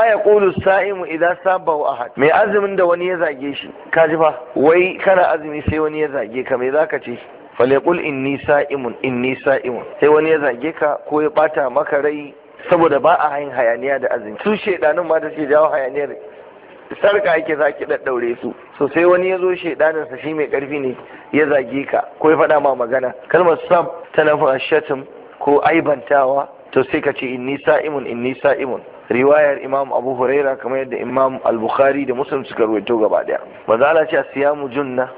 ma ya ƙulu sa'imu idan saba wa ahad mai azumin da wani ya zage shi ka ji fa wai kana azumi sai wani ya zage ka me zaka ce falekul inni sa'imun inni sa'imun sai wani ya zage ka ko ya bata maka rai saboda ba a yin hayaniya da azumi su shedanin ma da ke jawo hayaniyar sarka ake za ki daddaure su so sai wani ya zo shedanin sa shi mai karfi ne ya zage ka ko ya faɗa ma magana kalmar sab tana nufin ashatim ko aibantawa to sai ka ce inni sa'imun inni sa'imun riwayar imam abu huraira kamar yadda imam al-bukhari da muslim suka ruwaito gaba daya manzo Allah ce siyamu junna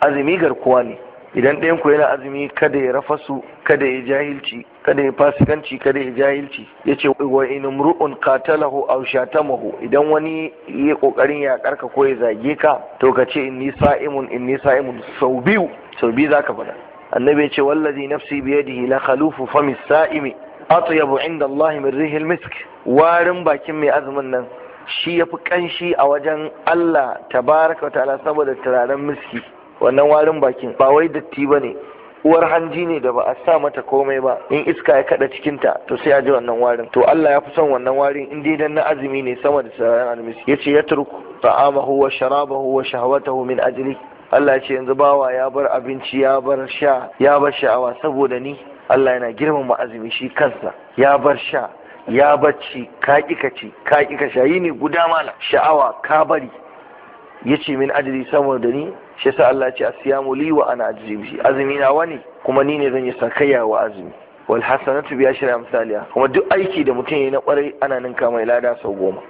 azumi garkuwa ne idan ɗayan ku yana azumi kada ya rafasu kada ya jahilci kada ya fasikanci kada ya jahilci yace wa in imru'un qatalahu aw shatamahu idan wani ya kokarin ya karka ko ya zage ka to ka ce inni sa'imun inni sa'imun sau biyu sau biyu zaka faɗa annabi ya ce wallazi nafsi biyadihi la khalufu famis sa'imi atyabu inda Allah min rihil misk warin bakin mai azumin nan shi yafi kanshi a wajen Allah tabaraka ta'ala saboda turaren miski wannan warin bakin ba wai datti bane uwar hanji ne da ba a sa mata komai ba in iska ya kada cikin ta to sai a ji wannan warin to Allah ya fi son wannan warin in dai dan na azumi ne sama da turaren almisi yace ya turku ta'amahu wa sharabahu wa shahwatahu min ajli Allah ya ce yanzu bawa ya bar abinci ya bar sha ya bar sha'awa saboda ni Allah yana girmama azumi shi kansa ya bar sha ya bacci ka ka ci ka ka sha yi ne guda mana sha'awa ka bari ya min ajri saboda ni shi yasa Allah ce asiyamu li wa ana ajri azumi na wani kuma ni ne zan yi sakayya wa azumi wal hasanatu bi ashri amsalia kuma duk aiki da mutum yayi na kwarai ana ninka mai lada sau goma